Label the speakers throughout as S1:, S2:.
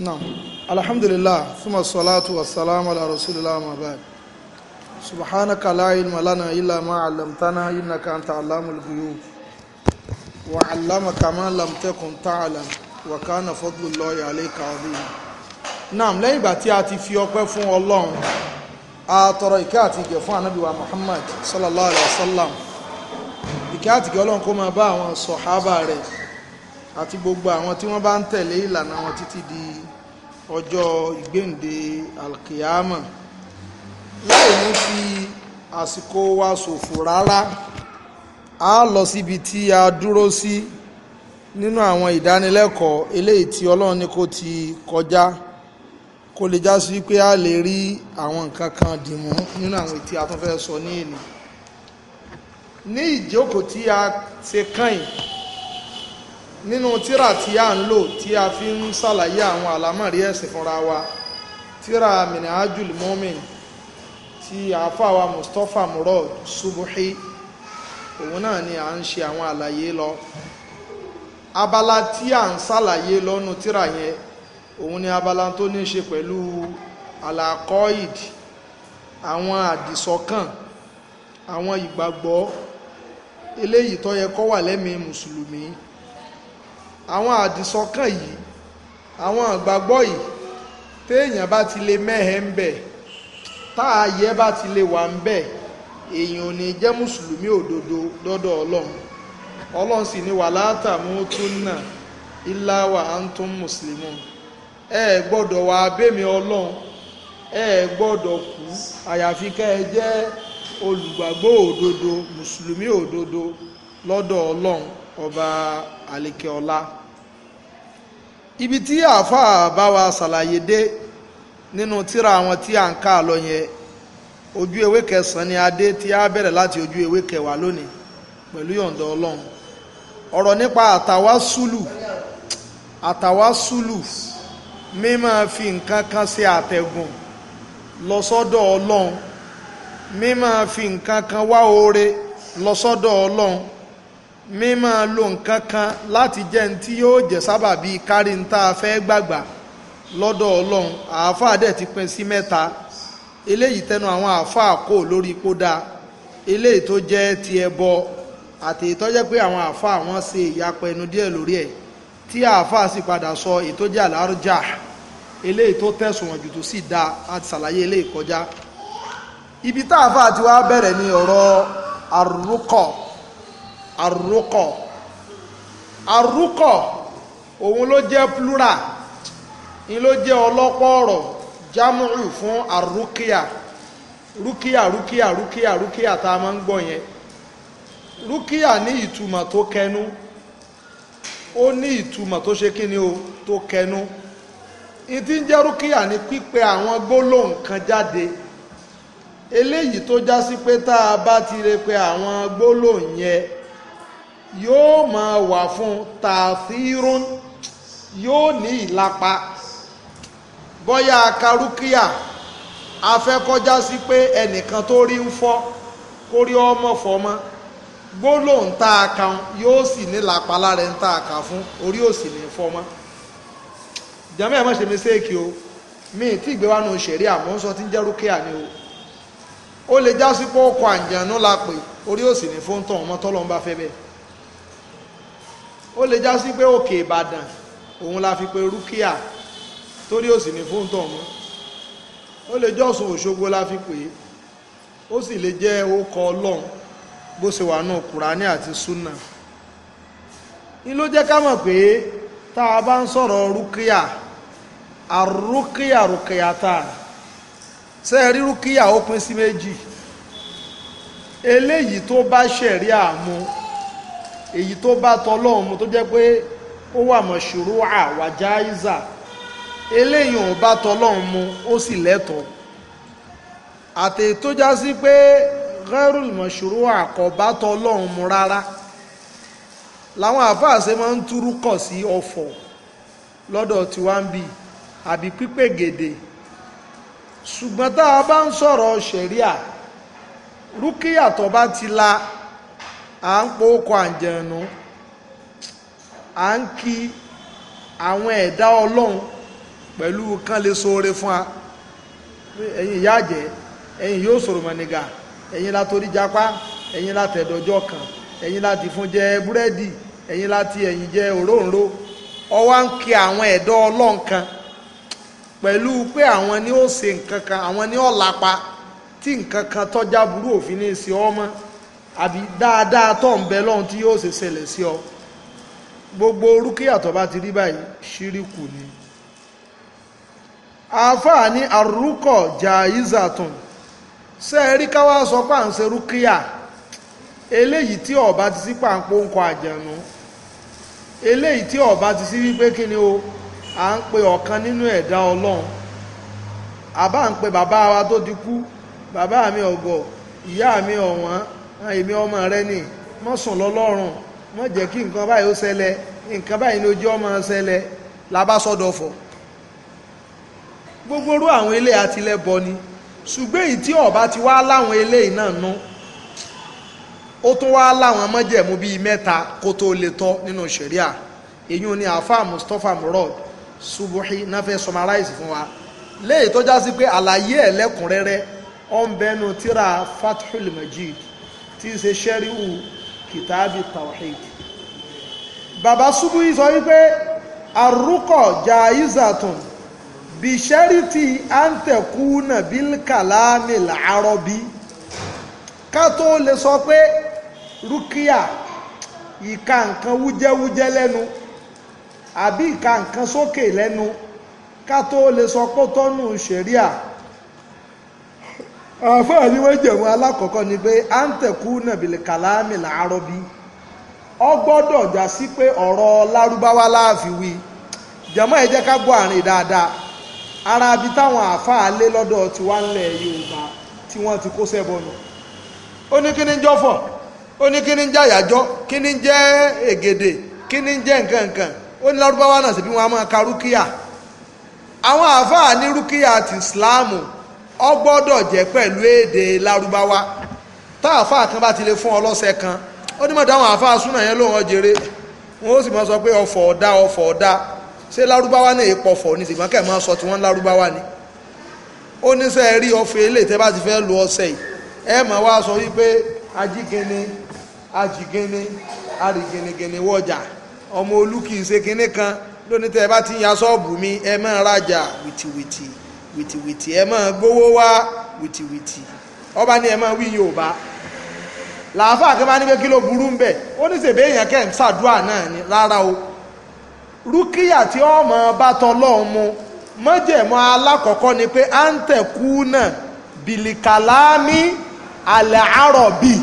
S1: نعم الحمد لله ثم الصلاة والسلام على رسول الله ما بعد سبحانك لا علم لنا إلا ما علمتنا إنك أنت علام الغيوب وعلمك ما لم تكن تعلم وكان فضل الله عليك عظيم. نعم lẹ́yìn ìgbà tí a ti fi ọpẹ́ fún Ọlọ́run a tọrọ ìkẹ́ àti ìgẹ̀ fún Ànábì wa Muhammad sallallahu alaihi wasallam ìkẹ́ àti gbogbo àwọn tí wọ́n bá ń tẹ̀lé ìlànà wọn títí di ọjọ́ ìgbéǹde alkiyama láì ní fi àsìkò wa ṣòfò rárá a lọ síbi tí a dúró sí nínú àwọn ìdánilẹ́kọ̀ọ́ eléyìí tí ọlọ́run ní kó ti kọjá kó lè já sí pé a lè rí àwọn nǹkan kan dìmú nínú àwọn ètí a tún fẹ́ sọ ní èlé ní ìjókòó tí a ṣe kàn yìí nínú tíra tí a ń lò tí a fi ń ṣàlàyé àwọn àlámọ̀rí ẹ̀sìn fúnra wa tíra minhajul mumin tí àáfàwa mustapha murad subuhi òun náà ni à ń ṣe àwọn àlàyé lọ abala tí a ń ṣàlàyé lọ́nu tíra yẹn òun ni abala tó ní ṣe pẹ̀lú alakoid àwọn àdìsọ́kàn àwọn ìgbàgbọ́ eléyìí tó yẹ kó wà lẹ́mìí mùsùlùmí àwọn àdìsọ́kàn yìí àwọn àgbàgbọ́ yìí téèyàn bá ti lè mẹ́hẹ̀ ń bẹ̀ táàyè bá ti lè wà ń bẹ̀ èèyàn ò ní jẹ́ mùsùlùmí òdodo lọ́dọ̀ ọlọ́run ọlọ́run sì ní wàhálà tàmútúnà ilá wa antum muslimun ẹ gbọ́dọ̀ wà abẹ́mi ọlọ́run ẹ gbọ́dọ̀ kú àyàfi kẹ́ ẹ jẹ́ olùgbàgbọ́ òdodo mùsùlùmí òdodo lọ́dọ̀ ọlọ́run ọba àlekè ibi tí àáfàá bá wa ṣàlàyé dé nínú tíra àwọn tí à ń kà lọ yẹn ojú ewé kẹsàn ni adé tí a bẹ̀rẹ̀ láti ojú ewé kẹwàá lónìí pẹ̀lú yọ̀ǹda ọlọ́run ọ̀rọ̀ nípa àtàwásùlù àtàwásùlù mímọ́ fi nǹkan kan ṣe àtẹ̀gùn lọ sọ́dọ̀ ọlọ́run mímọ́ fi nǹkan kan wá oore lọ sọ́dọ̀ ọlọ́run mímọ́ lo nǹkan kan láti jẹ́ ní tí yóò jẹ́ sábàbí kárí ní tá a fẹ́ gbàgbà lọ́dọ̀ ọlọ́run àáfàá dẹ̀ ti pín sí mẹ́ta eléyìí tẹnu àwọn àáfàá kò lórí ipò dáa eléyìí tó jẹ́ ti ẹbọ àti èyí tó jẹ́ pé àwọn àáfàá wọn ṣe ìyapọ̀ ẹnu díẹ̀ lórí ẹ̀ tí àáfàá sì padà sọ èyí tó jẹ́ àlárújà eléyìí tó tẹ̀sùn wọn jù tó sì dáa àti ṣàlàyé eléyìí kọjá ibi tá ti wá bẹ̀rẹ̀ ní ọ̀rọ̀ àrùkọ̀ àrùkọ àrùkọ òun ló jẹ́ plural ni ló jẹ́ ọlọ́pọ̀ ọ̀rọ̀ jámùrù fún àrùkíà rúkíà rúkíà rúkíà rúkíà tá a máa ń gbọ́ yẹn rúkíà ní ìtumọ̀ tó kẹnu ó ní ìtumọ̀ tó ṣe kí ni o tó kẹnu ìdí ń jẹ́ rúkíà ní pípè àwọn gbólóhùn kan jáde eléyìí tó já sí pé tá a bá ti re pé àwọn gbólóhùn yẹn yóò máa wà fún tààfírún yóò ní ìlapa bóyá karúkíà afẹ́kọjá sí pé ẹnìkan tó rí ń fọ́ kó rí ọmọ fọmọ gbólóhùn tá a kà yóò sì ní làpá lára ń tá a kà fún orí òsì ní fọmọ jàmbá ẹ̀ má ṣe mistake o mi tí ìgbé wa nù ṣẹ̀rí àmọ́ sọ ti ń jẹ́ rúkìá ni o ó lè já sí pé ó kọ la pè orí òsì ní fóńtàn ọmọ tọ́lọ́mbà fẹ́ bẹ́ẹ̀ ó lè já sí pé òkè ìbàdàn òun la fi pe rúkìá torí ó sì ní fún tọ̀hún ó lè jọ́sùn òṣogbo la fi pè é ó sì lè jẹ́ orúkọ ọlọ́run bó ṣe wà náà kùránì àti súnà ní ló jẹ́ ká mọ̀ pé tá a bá ń sọ̀rọ̀ rúkìá àrúkìá rúkìá tá a ṣe rí rúkìá ó pín sí méjì eléyìí tó bá ṣẹ̀rí àmú èyí tó bá tọlọ́run mu tó jẹ́ pé ó wà mọ̀ ṣòro àwàjá ìzà eléyìí ò bá tọlọ́run mu ó sì lẹ́tọ̀ọ́ àti tó já sí pé gẹ́rù mọ̀ ṣòro àkọ́bá tọlọ́run mu rárá làwọn àáfàá máa ń túrú kọ̀ sí ọ̀fọ̀ lọ́dọ̀ tí wá ń bì àbí pípé gèdè ṣùgbọ́n tá a bá ń sọ̀rọ̀ ṣẹ̀ríà rúkìyà tó bá ti la à ń pò ókọ àǹjẹ̀nù à ń kí àwọn ẹ̀dá ọlọ́run pẹ̀lú kán lè ṣoore fún wa ẹ̀yin ìyá àjẹ́ ẹ̀yin yóò sọ̀rọ̀ mọ̀nìgà ẹ̀yin la torí japa ẹ̀yin la tẹ̀dọ̀jọ́ kan ẹ̀yin la ti fún jẹ búrẹ́dì ẹ̀yin la ti ẹ̀yin jẹ òróǹro ọwọ́ ń kí àwọn ẹ̀dọ́ ọlọ́run kan pẹ̀lú pé àwọn ni ó ṣe nǹkan kan àwọn ni ó lapa tí nǹkan kan tọ́já burú òfin ní í ọmọ. àbí dáadáa tó ń bẹ lọ́hun tí yóò ṣe ṣẹlẹ̀ sí ọ gbogbo orúkíyà tó bá ti rí báyìí ṣíríkù ni àáfàá ní àrùkọ jàìzàtùn ṣe rí káwá sọ pà ń ṣe rúkíyà eléyìí tí ọba ti sí pàǹpó ń kọ àjẹnú eléyìí tí ọba ti sí wípé kí ni o à ń pe ọ̀kan nínú ẹ̀dá ọlọ́run àbá ń pe bàbá wa tó ti kú bàbá mi ọ̀gọ̀ ìyá mi ọ̀wọ́n èmi ọmọ rẹ ni mọ́ sùn lọ́lọ́run mọ́ jẹ́ kí nǹkan báyìí ó ṣẹlẹ̀ nǹkan báyìí ni ojú ọmọ ṣẹlẹ̀ labásọ́dọ̀fọ̀ gbogbo orú àwọn ilé àtìlẹ́bọ ni ṣùgbọ́n èyí tí ọba ti wá láwọn eléyìí náà nú ó tún wá láwọn mọ́jẹ̀mú bíi mẹ́ta kó tó lè tọ́ nínú ṣẹ̀ríà èyí ni àáfàá Mustapha Murad Subuhi náà fẹ́ summarize fún wa léyìí tó já sí pé àlàyé ẹ̀ lẹ́kùnrẹ́rẹ́ ó tíra Fathul Majid tí í ṣe ṣẹ́ríwù kìtàbí tawhid bàbá ṣubú yìí sọ wípé arúkọ̀ jaizatun bí ṣẹ́rìtì àǹtẹ̀kù nàbíl kàlámì làárọ̀bí ká tó lè sọ pé rúkìá ìka nǹkan wújẹ́wújẹ́ lẹ́nu àbí ìka nǹkan sókè lẹ́nu ká tó lè sọ pé tọ́nù ṣẹ̀ríà. àfáà ní wọ́n jẹ̀mú alákọ̀ọ́kọ́ ni pé à ń tẹ̀kú nàbìlì kàlámì làárọ̀ bí ọ gbọdọ já sí pé ọ̀rọ̀ lárúbáwá láàfin wí jẹ̀mọ́ ẹ jẹ́ ká gbọ́ àárín dáadáa ara bi táwọn àfáà lé lọ́dọ̀ tí wá ń lẹ̀ Yorùbá tí wọ́n ti kó sẹ́bọnù ó ní kí ni jọ́fọ̀ ó ní ni jẹ́ àyájọ́ kí ni jẹ́ ègèdè kí ni jẹ́ nǹkan nǹkan ó ní lárúbáwá náà sì bí wọ́n á máa ka rúkìá àwọn àfáà ní rúkìá ti Islam ọ gbọ́dọ̀ jẹ́ pẹ̀lú èdè lárúbáwá tá àáfàá kan bá ti lè fún ọ lọ́sẹ̀ kan ó ní mọ̀tàwọn àáfàá súnà yẹn lóun ọjẹrẹ wọn ó sì máa sọ pé ọfọ̀ ọ̀dá ọfọ̀ ọ̀dá ṣé lárúbáwá náà èèpọ̀ fọ̀ ni ṣùgbọ́n kẹ́ẹ̀ máa sọ tí wọ́n lárúbáwá ni ó ní sẹ́ẹ̀ rí ọfọ̀ eléyìí tẹ́ bá ti fẹ́ lu ọsẹ̀ yìí ẹ máa wá sọ wípé ajígẹni ajígẹni arìgẹnigẹni wọjà ọmọ olú kì í ṣe kinní kan lónìí tẹ́ bá ti ń ya ṣọ́ọ̀bù mi ẹ máa rajà wìtìwìtì wìtìwìtì ẹ máa gbowó wá wìtìwìtì ọba ni ẹ máa wí yorùbá làáfà akẹ́bá ní pé kí ló burú ń bẹ̀ ó ní sèbè èèyàn kẹ́ ń ṣàdúrà náà ni rárá o rúkìyà tí ọmọ bá tọlọ́run mu mọ́jẹ̀mọ́ alákọ̀ọ́kọ́ ni pé à ń tẹ̀kú náà bìlìkàlámì àlẹ́ àrọ̀bì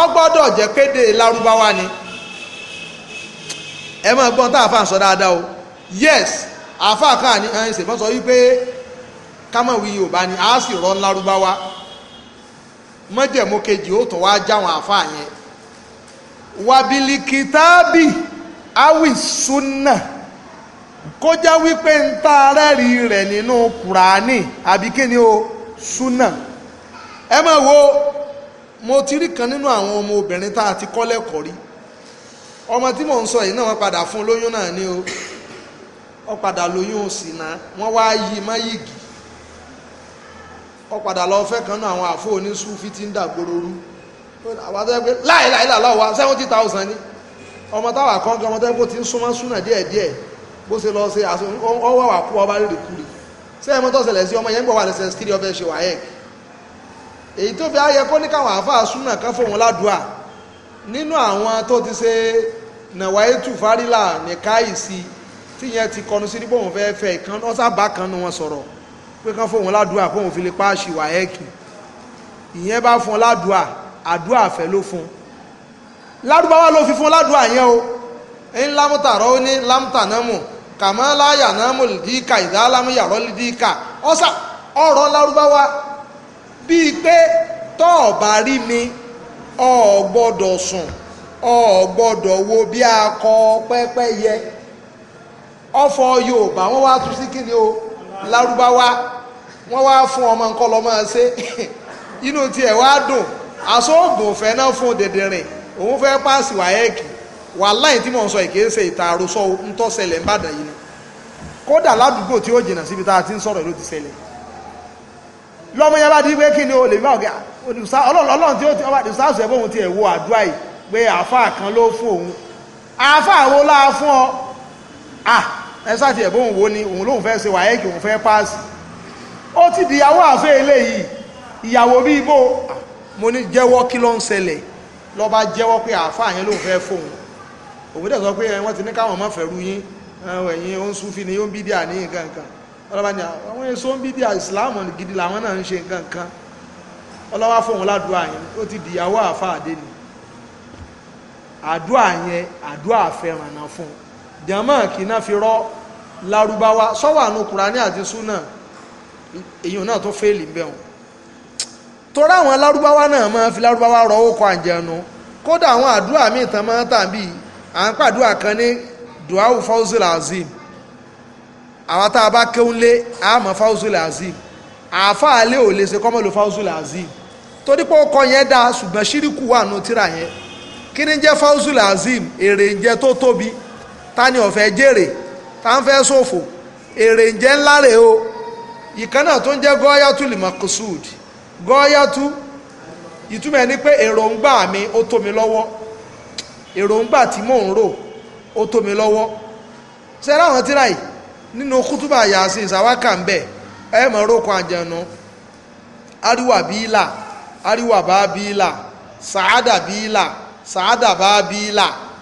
S1: ọ jẹ́ kéde lárúbáwá ni ẹ máa gbọ́n tá àáfà sọ dáadáa o yes àáfà kan àní ẹ̀ ń ṣèbọ́sọ wípé kámọ̀ wí yorùbá ni a sì rọ́ lárúbáwá mọ́jẹ̀mú kejì ó tún wá jáwọn àfáà yẹn wàbílíkítàbì awi Awì kó kọjá wípé ń tá arẹ́rì rẹ̀ nínú kùránì àbí kí ni o sunna ẹ mọ̀ wo mo ti rí kan nínú àwọn ọmọ obìnrin tá a ti kọ́ lẹ́kọ̀ọ́ rí ọmọ tí mò ń sọ yìí náà wọ́n padà fún lóyún náà ni o wọ́n padà lóyún òsì náà wọ́n wá yí má yìgì ọ padà lọ fẹ́ kan náà àwọn àfọ oníṣúfì ti ń dàgbòrò rú àwọn tó yẹ pé láìláì làlọ́ wa seventy thousand ni ọmọ táwa kan kan ọmọ tó yẹ pé ó ti ń súnmọ́ súnà díẹ̀díẹ̀ bó ṣe lọ ṣe ọwọ́ wà kú ọba rèé kúrè ṣé ẹ mọ tó ṣẹlẹ̀ sí ọmọ yẹn ń bọ̀ wà lẹ́sẹ̀ sítírí ọbẹ̀ ṣe wáyẹ̀ èyí tó fi ayẹ kó ní káwọn àáfàá súnà kan fóun ládùúà nínú àwọn tó ti ṣe nàwáyé tù fárílà nìkáyìí sí tíyẹn ti kọnu sí nígbà òun fẹ́ fẹ́ ìkan ọ̀sà bá kan nu wọn sọ̀rọ̀ pé kán fóun ládùúà kóun fi lè pa àṣìwà ẹ́ẹ̀kì ìyẹn bá fún ládùúà àdúà fẹ́ ló fún ládùbáwá ló fi fún ládùúà yẹn o ń lámùtà rọ́ ó ní lámùtà náà mù kàmọ́ láyà náà mù lìdíkà ìdá lámùyà rọ́ lìdíkà ọ̀sà ọ̀rọ̀ lárúbáwá bíi pé tọ́ ọ̀ bá rí mi ọ̀ gbọ́dọ̀ sùn ọ̀ gbọ́dọ̀ wo bí akọ pẹ́pẹ́yẹ ọ̀fọ̀ Yorùbá wọ́n wá tú sí kíni o. lárúbáwá wọ́n wá fún ọmọ nǹkan lọ máa ṣe inú tiẹ̀ wá dùn aṣọ́ọ̀gùn òfẹ́ náà fún dèdèrìn òun fẹ́ páàsì wáyẹ́ẹ̀kì wàláì tí mò ń sọ ìkéé ṣe ìta àròsọ ntọ́sẹlẹ̀ ń bàdàn yìí ni kódà ládùúgbò tí jìnnà síbi tá a ti ń ló ti yẹn bá di pé kí ni o lè bá ti ọba ìsáàsù ẹ̀bọ̀n ti ẹ̀ wo àdúrà yìí pé kan ló fún òun wo fún ọ ẹ sáàtì ẹ̀bọ́n wo ni òun lóun fẹ́ ṣe wáyẹ́kì òun fẹ́ páàsì ó ti di ìyàwó àfẹ́ eléyìí ìyàwó bí ibo mo ní jẹ́wọ́ kí ló ń ṣẹlẹ̀ lọ́ba jẹ́wọ́ pé àáfàá yẹn lóun fẹ́ fóun òun dẹ̀ sọ pé wọ́n ti ní káwọn ọmọ fẹ́ ru yín ẹ̀yin ó ń súnfì ni ó ń bídíà ní nǹkan kan ọlọ́ba ni àwọn èso ń bídíà ìsìláàmù gidi làwọn náà ń ṣe nǹkan kan ọlọ́wà fóun ládùúà yẹn ó ti di ìyàwó àfáà dé ni àdúà yẹn àdúà fẹ́ràn náà jàmá kina náà fi rọ́ Lárúbáwá sọ́wọ́ àánú Kùránì àti súnà èyàn náà tó fẹ́ẹ̀lì ń bẹ̀rùn torí àwọn Lárúbáwá náà máa fi Lárúbáwá rọ ókọ àjẹnu kódà àwọn àdúrà míì tán máa tàbí à ń pàdúrà kan ní duawu fawzul azim àwọn tá a bá kéwọn lé àmọ́ fawzul azim àáfàá lé ò lè ṣe kọ́mọ́lò fawzul azim torí pé ó kọ yẹn dáa ṣùgbọ́n ṣíríkù wà nù tíra yẹn kí ni jẹ́ fawzul azim èrè ń jẹ́ tó tóbi ta ni ọ̀fẹ́ jèrè ta ń fẹ́ ṣòfò èrè ń jẹ́ ńlá rè o ìkan náà tó ń jẹ́ gọ́yàtú limakusud gọ́yàtú ìtumọ̀ ni pé èròǹgbà mi ó tó mi lọ́wọ́ èròǹgbà tí mò ń rò ó tó mi lọ́wọ́ ṣe láwọn tíra yìí nínú kútùbà yàsìn ìsàwákà ń bẹ̀ ẹ mọ̀ rókun àjẹnu ariwa bíílà ariwa bá bíílà sàádà bíílà sàádà bá bíílà.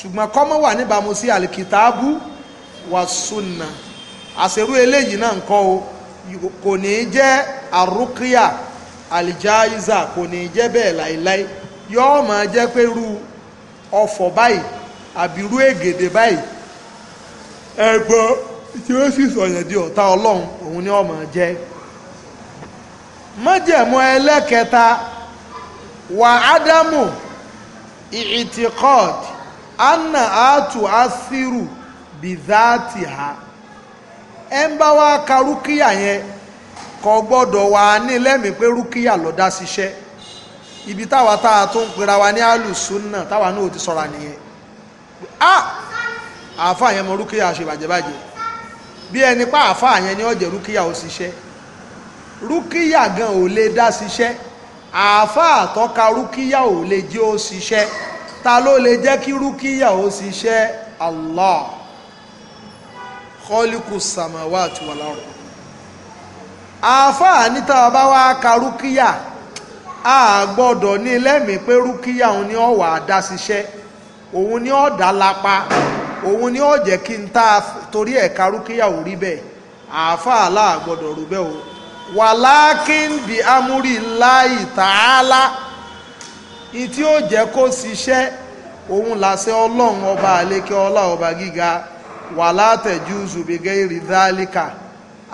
S1: ṣùgbọ́n kọ́mọ́ wà níbàámu sí alikitaabu wa sunna àṣerú eléyìí náà ńkọ́ o kò ní jẹ́ àrùkíyà àlìjáìzà kò ní jẹ́ bẹ́ẹ̀ láìláì yọ́ọ́ máa jẹ́ pé irú ọ̀fọ̀ báyìí ru ègèdè báyìí ẹgbọ́ tí ó sì sọ̀yàn di ọ̀tá ọlọ́run òun ni ọmọ jẹ́ májẹ̀mú ẹlẹ́kẹta wa ádámù ìtìkọ́ọ̀dì anna atu asiru bizati ha ẹ ń bá wa ka rúkìá yẹn kò gbọ́dọ̀ wà ní lẹ́mìí pé rúkìá ló dá ṣiṣẹ́ ibi táwa tá a tó ń pera wa ní alùsùnà táwa náà ti sọ̀ra nìyẹn ah àáfà yẹn mọ rúkìá ṣe bàjẹ́bàjẹ́ bí ẹni pa àáfà yẹn ni ọ̀jẹ̀ rúkìá ó ṣiṣẹ́ rúkìá gan ò lè dá ṣiṣẹ́ àáfà àtọ́ka rúkìá ò lè jẹ́ ó ṣiṣẹ́ ta ló lè jẹ́ kí rúkìyà ó ṣiṣẹ́ Allah kọ́líkù sàmáwá àti wàlárọ̀ àáfàá níta bá wá ka rúkìyà a gbọ́dọ̀ ní lẹ́mìí pé rúkìyà òun ni ó wà á dá ṣiṣẹ́ òun ni ó lápá òun ni ó kí n ta torí ẹ̀ka rúkìyà ò rí bẹ́ẹ̀ àáfàá láà gbọ́dọ̀ rú bẹ́ẹ̀ o wàlákìn bí amúrí láì tààlà ìtí ó jẹ́ kó ṣiṣẹ́ òun làṣẹ ọlọ́run ọba àlékè ọlá ọba gíga wà látẹ̀jú zùbìgẹ́ ìrìdálíkà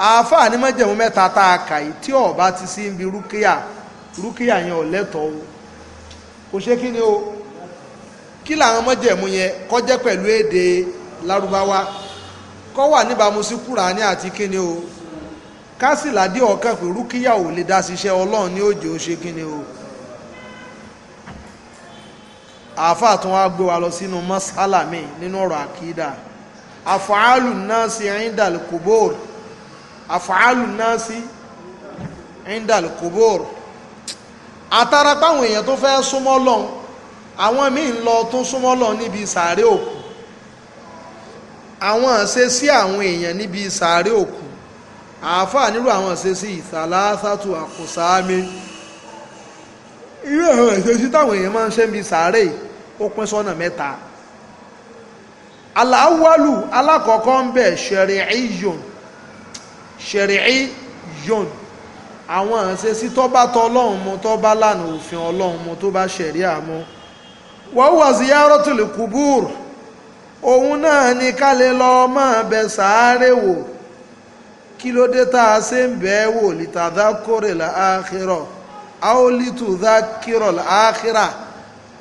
S1: àáfàá ní mọ́jẹ̀mú mẹ́ta tá a kà yìí tí ọba ti sí ibi rúkìá rúkìá yẹn ò lẹ́tọ̀ọ́ o kò ṣe kí ni o kí làwọn mọ́jẹ̀mú yẹn kó jẹ́ pẹ̀lú èdè lárúbáwá kó wà níbàámu sí kúránì àti kí ni o kásìládé ọ̀kan pé rúkìá ò lè dá ṣiṣẹ́ ọlọ́run ní òjò ṣe kí ni o àáfàá tó wá gbé wa lọ sínú masala mi nínú ọ̀rọ̀ àkídà àfàálù nasi indal kubur àfàálù nasi indal kubur àtàrà táwọn èèyàn tó fẹ́ súnmọ́ lọ́n àwọn míì ń lọ tó súnmọ́ lọ́n níbi sàárè òkú àwọn àṣe sí àwọn èèyàn níbi sàárè òkú àáfàá nílò àwọn àṣe sí ìsàlásàtù irú àwọn àṣe táwọn èèyàn máa ń ṣe níbi sàárè yìí ó pín sọ́nà mẹ́ta aláwọ̀lù alákọ̀ọ́kọ́ ń bẹ̀ ṣẹ̀rìíyòn ṣẹ̀rìíyòn àwọn àṣẹ sí tọ́ba tọ́ ọlọ́run mu tọ́ba lànà òfin ọlọ́run mu tó bá ṣẹ̀rí àmọ́ wọ́n wà sí yàrọ́tìlì kùbúr òun náà ni ká lè lọ máa bẹ sàárè wò kí ló dé tá a ṣe ń bẹ́ẹ̀ wò lítàdá kórè láàkírọ̀ áólítù dá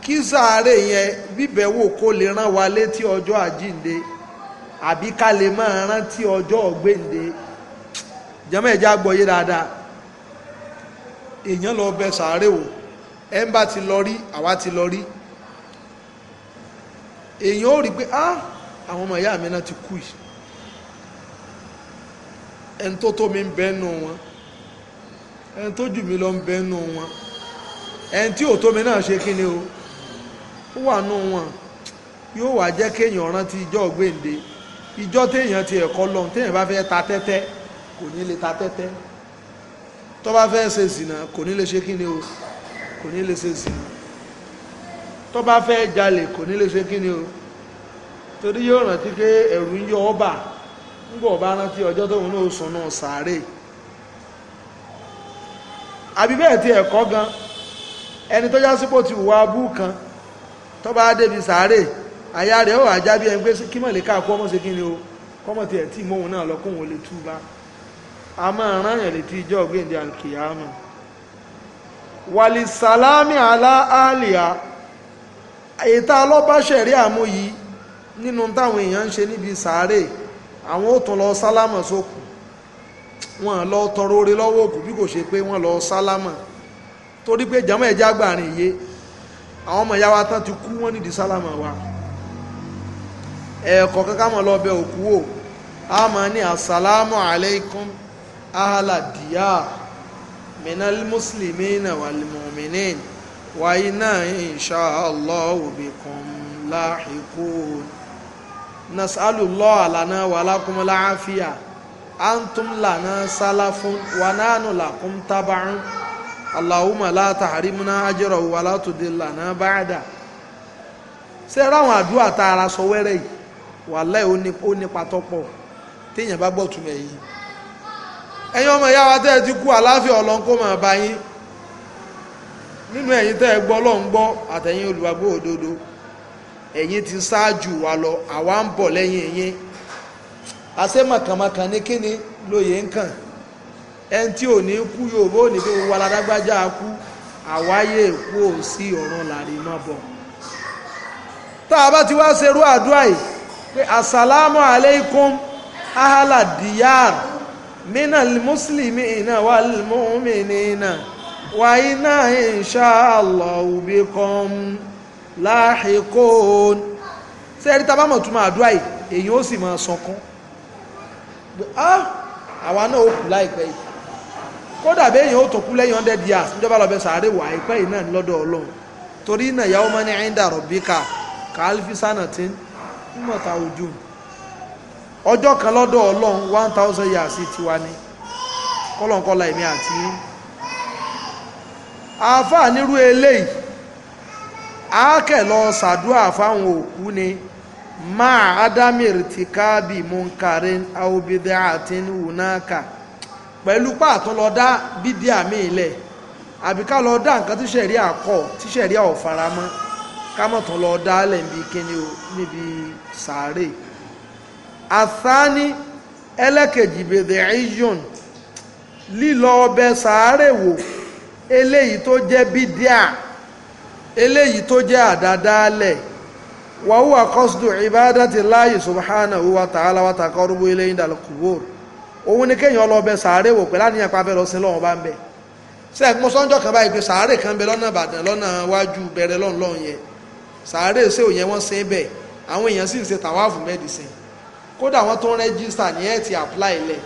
S1: kí sàárè yẹn bíbẹ̀wò kó lè rán wa létí ọjọ́ àjínde àbí ká lè máa rántí ọjọ́ ọ̀gbẹ́ǹde jẹ́mọ̀ ẹ̀já gbọ́yé dáadáa èèyàn lọ bẹ sàárè wò ẹ̀ ń bá ti lọ rí àwa ti lọ rí èèyàn ó rí pé á àwọn ọmọ ìyá mi náà ti kú yìí ẹni tó tó mi ń bẹ nù wọn ẹni tó jù mí lọ ń bẹ nù wọn ẹni tí ò tó mi náà ṣe kí ni o. ó wà nù wọn yóò wá jẹ́ kéèyàn rántí ìjọ ìjọ téèyàn ti ẹ̀kọ́ lọ́n téèyàn bá fẹ́ ta tẹ́tẹ́ kò ní ta tẹ́tẹ́ tó bá fẹ́ ṣe zìnà kò ní lè ṣe kí ni o kò ní lè ṣe zìnà bá o ọba ńgbọ̀ rántí ọjọ́ sùn náà sàárè ti ẹ̀kọ́ gan ẹni tó já sípò kan tó bá débi sàárè àyà rẹ̀ ó wà já bí ẹni pé kí mọ̀lẹ́ ká kú ọmọ ṣe kí ni o kọ́mọ̀ tiẹ̀ tí mòun náà lọ́kùn òun lè túba a máa rán yẹn létí ijó gbèǹde àkìyàmù wàlì sàlámì àlá àlìyà ètò alọ́bàṣẹ̀rí àmú yìí nínú táwọn èèyàn ń ṣe níbi sàárè àwọn ó tún lọ sálámà sókù wọn lọ tọrọ orí lọ́wọ́ òkú bí kò ṣe pé wọ́n lọ sálámà torí pé jàmọ́ ẹ̀já gbàrin yìí àwọn ọmọ ìyá wa tán ti kú wọ́n nídìí sálámà wa ẹ̀ẹ̀kọ̀ kankan mọ̀ lọ bẹ òkú wò a máa ní asàlámù alaykum ahàlàdíyà minal muslimina wal mu'minin wa inna insha Allahu bikum lahiqun nasalullah lana wa lakum al-afiya antum lana salafun wa nanu lakum Allahumma la tahrimna ajrahu na la tudillana ba'da ṣé ráwọn àdúrà tá ara sọ wẹ́rẹ́ yìí wàláhì ó nípa tọ́pọ̀ téèyàn bá gbọ́ túmọ̀ ọmọ ìyá wa tẹ́ ẹ ti kú ninu Ọlọ́run kó máa bá yín nínú ẹ̀yin ododo. ti ṣáájú wa lọ àwa ń bọ̀ lẹ́yìn ẹ̀yin àṣẹ lóye ẹni tí ò ní kú yòòbó ní pé gbogbo aládágbájá kú àwáyé èkó ò sí ọ̀run làrí mọ́ bọ̀ tá a bá ti wá ṣerú àdúrà yìí pé asàlámù aleikum ahala diyar mina muslimi ina wa mumini ina wa ina insha allah bikum láhìkún sẹ́ẹ̀rí tá a bá mọ̀ tún máa dúà yìí èyí ó sì máa sọkún ah, àwa náà ó kù láìpẹ́ yìí kódà béèyàn ó tó kú lẹ́yìn hundred years níjọba lọ́bẹ̀ sàárè wà àìpẹ́ yìí náà lọ́dọ̀ ọlọ́run torí náà yàwó mọ́ ní ẹ̀ńdà rọ̀bíkà kàálífísánà tí ń ojú ọjọ́ kan lọ́dọ̀ ọlọ́run one thousand years tiwa ni kọ́lọ̀nkọ́lá èmi àti yín àáfàá nírú eléyìí àákẹ́ lọ sàdúà fáwọn òkú ni máa àti pẹ̀lú pààtó lọ dá bídí àmì ilẹ̀ àbí ká lọ dá nǹkan tíṣẹ̀rí àkọ́ tíṣẹ̀rí àọ̀faramọ́ ká mọ̀ tán lọ dá lẹ̀ níbi kíni o níbi sàárè àsáni ẹlẹ́kejì bèdè ẹ̀yọ̀n lílọ ọbẹ̀ sàárè wò eléyìí tó jẹ́ bídíà eléyìí tó jẹ́ àdádálẹ̀ wàhùwà kọ́sùdù ìbádàtì láàyè subhanahu wa ta'ala wa taqarrubu ilayhi dal òun ni kéèyàn lọ bẹ sàárè wò pé láníyàn pa fẹ́ lọ sí lọ́wọ́ bá ń bẹ sẹ́ẹ̀kì mo sọ́njọ́ kan báyìí pé sàárè kan bẹ lọ́nà ìbàdàn lọ́nà iwájú bẹ̀rẹ̀ lọ́n lọ́n yẹn sàárè ṣé òyìn wọ́n ṣe é bẹ̀ àwọn èèyàn sì ń ṣe tàwáàfù mẹ́dísìn kódà wọ́n tó ń rẹ́gísítà ní ẹ̀ ti apply lẹ̀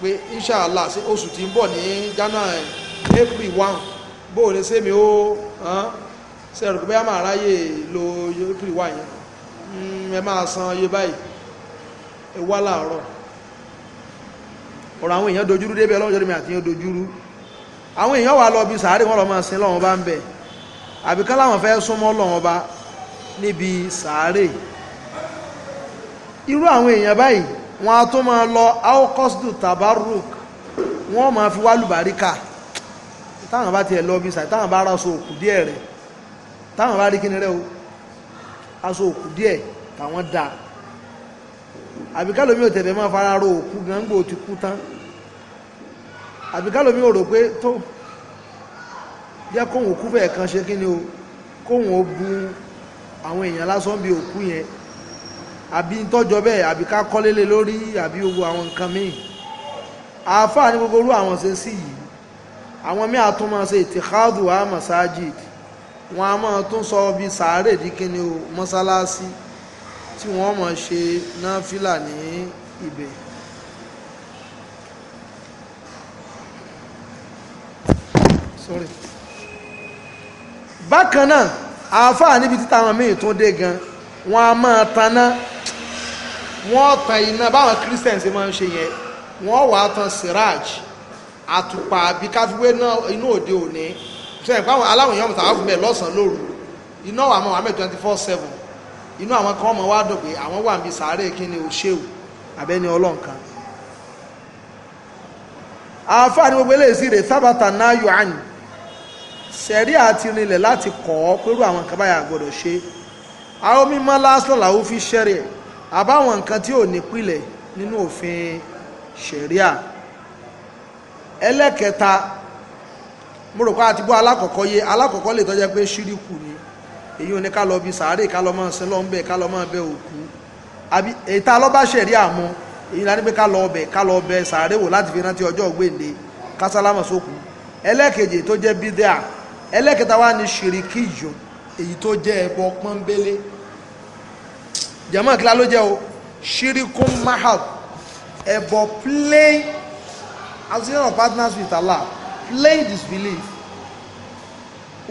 S1: pé inshàlá sí oṣù tí ń bọ̀ ní january april one bó o lè ṣe mi ó sẹ́ẹ̀rù pé bẹ́ẹ̀ hmm, máa ráyè ọ̀rọ̀ àwọn èèyàn dojúrú débẹ̀ ọlọ́run jọ́dún mi àti yẹn dojúrú àwọn èèyàn wà lọ bí sàárè wọn lọ máa sin lọ́wọ́n bá ń bẹ̀ àbíkán láwọn fẹ́ súnmọ́ lọ́wọ́n bá níbi sàárè irú àwọn èèyàn báyìí wọn a máa lọ aokosdu tabaruk wọn máa fi wálùbáríkà táwọn bá tiẹ̀ lọ bí sàárè táwọn bá raṣọ òkú díẹ̀ rẹ̀ táwọn bá rí kíni rẹ̀ o Aso òkú díẹ̀ táwọn dáa àbíkálómi ò tẹ̀lé máa fara ro òkú gàngbò ti kú tán àbí kálòmí ò rò pé tó jẹ́ kóhùn òkú fẹ́ẹ̀ kan ṣe kí ni o kóhùn ó bu àwọn èèyàn lásán bí òkú yẹn àbí tọ́jọ bẹ́ẹ̀ àbí ká kọ́lélé lórí àbí gbogbo àwọn nǹkan míì àáfàá ní gbogbo orú àwọn ṣe sí yìí àwọn míì àtún máa ṣe ìtìkáàdù wa masajid wọn a máa tún sọ bí sàárè di kíni o mọ́sálásí tí wọ́n máa ṣe náfìlà ní ibẹ̀. sorry bákan náà àáfàá níbi títa àwọn míì tó dé gan wọn a máa taná wọn tan iná báwọn christian ṣe máa ń ṣe yẹn wọn wà á tan siraj àtùpà àbí káfíwé náà inú òde òní sẹ́yìn pàwọn aláwọ̀ èèyàn mọ̀tàwá fún lọ́sàn-án lóru iná wà mọ́ wàmẹ́ twenty four seven inú àwọn kan mọ̀ wá dùn pé àwọn wà níbi sàárè kí ni òṣèwù abẹ́ni ọlọ́nkan àáfàá ni gbogbo eléyìí sí rè sábàtà náà yọ àyìn sẹ̀rí àti rinlẹ̀ láti kọ̀ ọ́ pẹ̀lú àwọn nǹkan báyà gbọ́dọ̀ ṣe àwọn mímọ́ lásán làwọn fi ṣẹ̀rí àbáwọn nǹkan tí ò nípìlẹ̀ nínú òfin ṣẹ̀ríà ẹlẹ́kẹta mo rò pé àti bọ́ alákọ̀ọ́kọ́ yé alákọ̀ọ́kọ́ lè tọ́jẹ́ pé ṣíríkù ni èyí ò ní ká lọ bí sàárè ká lọ máa sin lọ́n bẹ́ẹ̀ ká lọ máa bẹ òkú àbí ètò alọ́bà ṣẹ̀ríà mu èyí la pé ká lọ ọbẹ̀ ká lọ bẹ sàárè wò láti fi rántí ọjọ́ ògbéǹde kásálámà ẹlẹ́kẹjẹ tó jẹ́ bídẹ́à ẹlẹ́kẹta wá ní ṣìríkì yìí èyí tó jẹ́ ẹbọ pọ́nbélé jẹ́mọ́ kílá ló jẹ́ o ṣìríkùn mahad ẹbọ plain association of partners with Allah play disbelief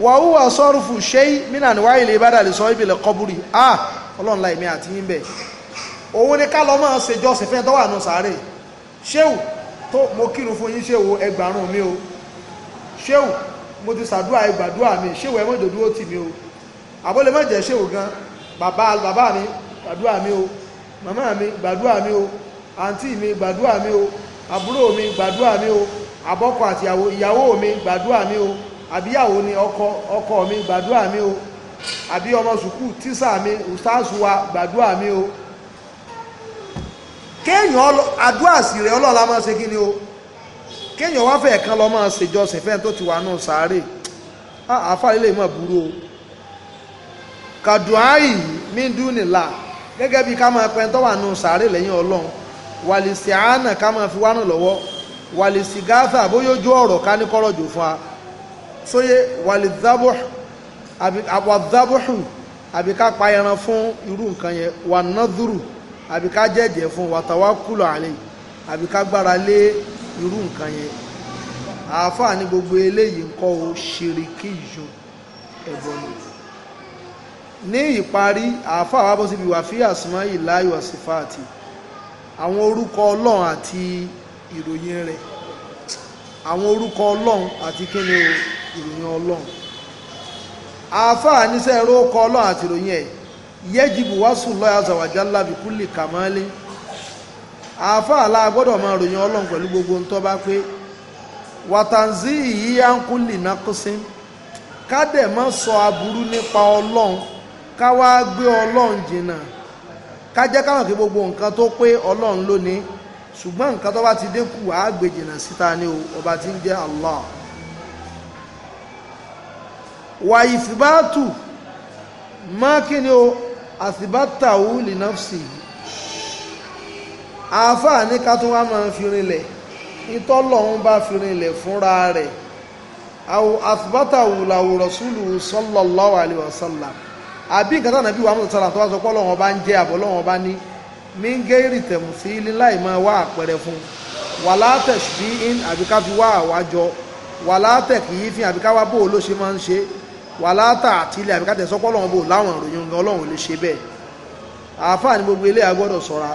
S1: wàhùwà sọ́rùfù ṣe mínà níwáyé ilé ìbádàlẹ̀ sọ ìbílẹ̀ kọ́búrì ah ọlọ́run láì mi àti yín bẹ́ẹ̀ òun ni ká lọ máa ṣe jọ́sìn fẹ́ tọ́wà nù sáré ṣéwù tó mo kírun fún yín ṣéwù ẹgbàrún mi o ṣéwù mo ti ṣàdúrà ìgbàdúrà mi ṣéwò ẹ mọ̀jọ̀ dúró tì mí o àbólé mọ̀jẹ̀ ṣéwò gan bàbá bàbá mi gbàdúrà mi o màmá mi gbàdúrà mi o àǹtí mi gbàdúrà mi o àbúrò mi gbàdúrà mi o àbọ́kọ àtìyàwó ìyàwó mi gbàdúrà mi o àbíyàwó ni ọkọ ọkọ mi gbàdúrà mi o àbí ọmọ sùkúù tíṣà mi ustaasu wa gbàdúrà mi o kéèyàn àdúrà sí rẹ̀ ọlọ́ọ̀la máa ṣe kí ni o. kéèyàn wá fẹ́ kan lọ máa ṣèjọsìn fẹ́ẹ́ tó ti wà nù sáré ah, àáfàá ilé mọ̀ burú o kàdùáì mídúnìlà gẹ́gẹ́ bí ká máa pẹ́ wà nù sáré lẹ́yìn ọlọ́run wàlìsì àánà ká máa fi wánà lọ́wọ́ wàlìsì gáfà bóyá ọ̀rọ̀ ká ní kọ́rọ̀ jò fún wa sóyè wàlìdábùhù àbí ká pa ẹran fún irú nǹkan yẹn wà irú nǹkan yẹn àáfàá ní gbogbo eléyìí ńkọ́ o ṣèrìkì ìjọ ẹ̀bọ̀n ni ní ìparí àáfàá wa bọ́ síbi wàfíà sùnmọ́ ìláyò àsìfáàtì àwọn orúkọ ọlọ́run àti ìròyìn rẹ̀ àwọn orúkọ ọlọ́run àti kíni o ìròyìn ọlọ́run àáfàá níṣẹ́ ẹ̀rọ ọkọ ọlọ́run àti ìròyìn ẹ̀ yẹ́jìbù wàásù lọ́yà zàwàjá lábìkú lè kà máa lé àáfà aláàgbọ́dọ̀ máa ròyìn ọlọ́run pẹ̀lú gbogbo ń tọ́ba pé wàtàǹzì yìí ń kú lìnà kúsín ká dẹ̀ sọ aburú nípa ọlọ́run ká wá gbé ọlọ́run jìnnà ká jẹ́ káwọn kí gbogbo nǹkan tó pé ọlọ́run lónìí ṣùgbọ́n nǹkan tó bá ni o ọba ti ń jẹ́ Allah wàyí fìbátù kí ni Afa ní ká tún wá máa fi rinlẹ̀ ìtọ́lọ́hún bá fi rinlẹ̀ fúnra rẹ̀ àwọn àtúbátàwù làwù rasúlù sallallahu alaihi sallam. Abi nǹkan tánàbí wà mọ̀ sọ́lá tó wá sọ pé ọlọ́run ọba ń jẹ́ àbọ̀ ọlọ́run ọba ní mingeri tẹ̀mù sí ilé láì máa wá àpẹẹrẹ fún wàlá tẹ̀sùbí in àbí ká fi wá àwájọ wàlá tẹ̀ kì í fi àbí ká wá bó o ló ṣe máa ń ṣe wàlá tà àti ilé àbí ká tẹ̀ sọ pé ọlọ́run bò láwọn ìròyìn ọlọ́run lè ṣe bẹ́ẹ̀ àáfàá ní gbogbo ilé agbọ́dọ̀ sọ̀ra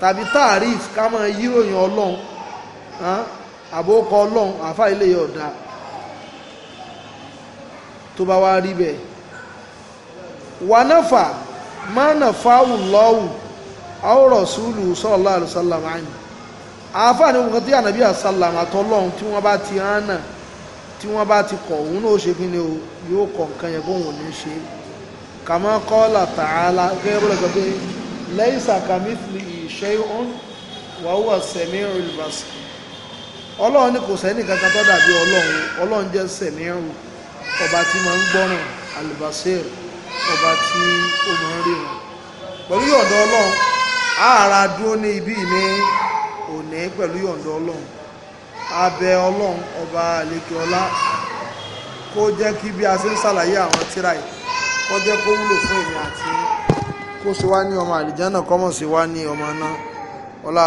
S1: tàbí taarif ká máa yíròyìn ọlọ́run àbókọ ọlọ́run àfa ilé ọ̀dà tó bá wá rí bẹ́ẹ̀ wànáfà mánàfà lọ́wù àwòrán sùúlù sọ́ọ̀lá àlùsálàmù àyìn àáfà ní nǹkan tí ànàbí àsálàmù àtọ́lọ́run tí wọ́n bá ti hánà tí wọ́n bá ti kọ̀ òun náà ṣe kí ni o yóò kọ̀ nǹkan yẹn bóun ò ní ṣe kàmá kọ́lá tààlà gẹ́gẹ́ bó lọ́gbọ́n pé ṣẹ́yún wàhùwà sẹ̀mírùn ìbàṣì ọlọ́run ni kò sẹ́ni kankan tó dàbí ọlọ́run ọlọ́run jẹ́ ọba tí mo ń gbọ́ràn àlùbáṣẹ́rù ọba tí o máa ń ríran pẹ̀lú yọ̀ǹda ọlọ́run ara dúró ní ibi ní òní pẹ̀lú ọlọ́run abẹ ọlọ́run ọba ọlá kó jẹ́ kí bí a ṣe ń ṣàlàyé àwọn tíra kó ṣe wá ní ọmọ àlìjánà kọ́mọ̀ ṣe wá ní ọmọ náà ọlá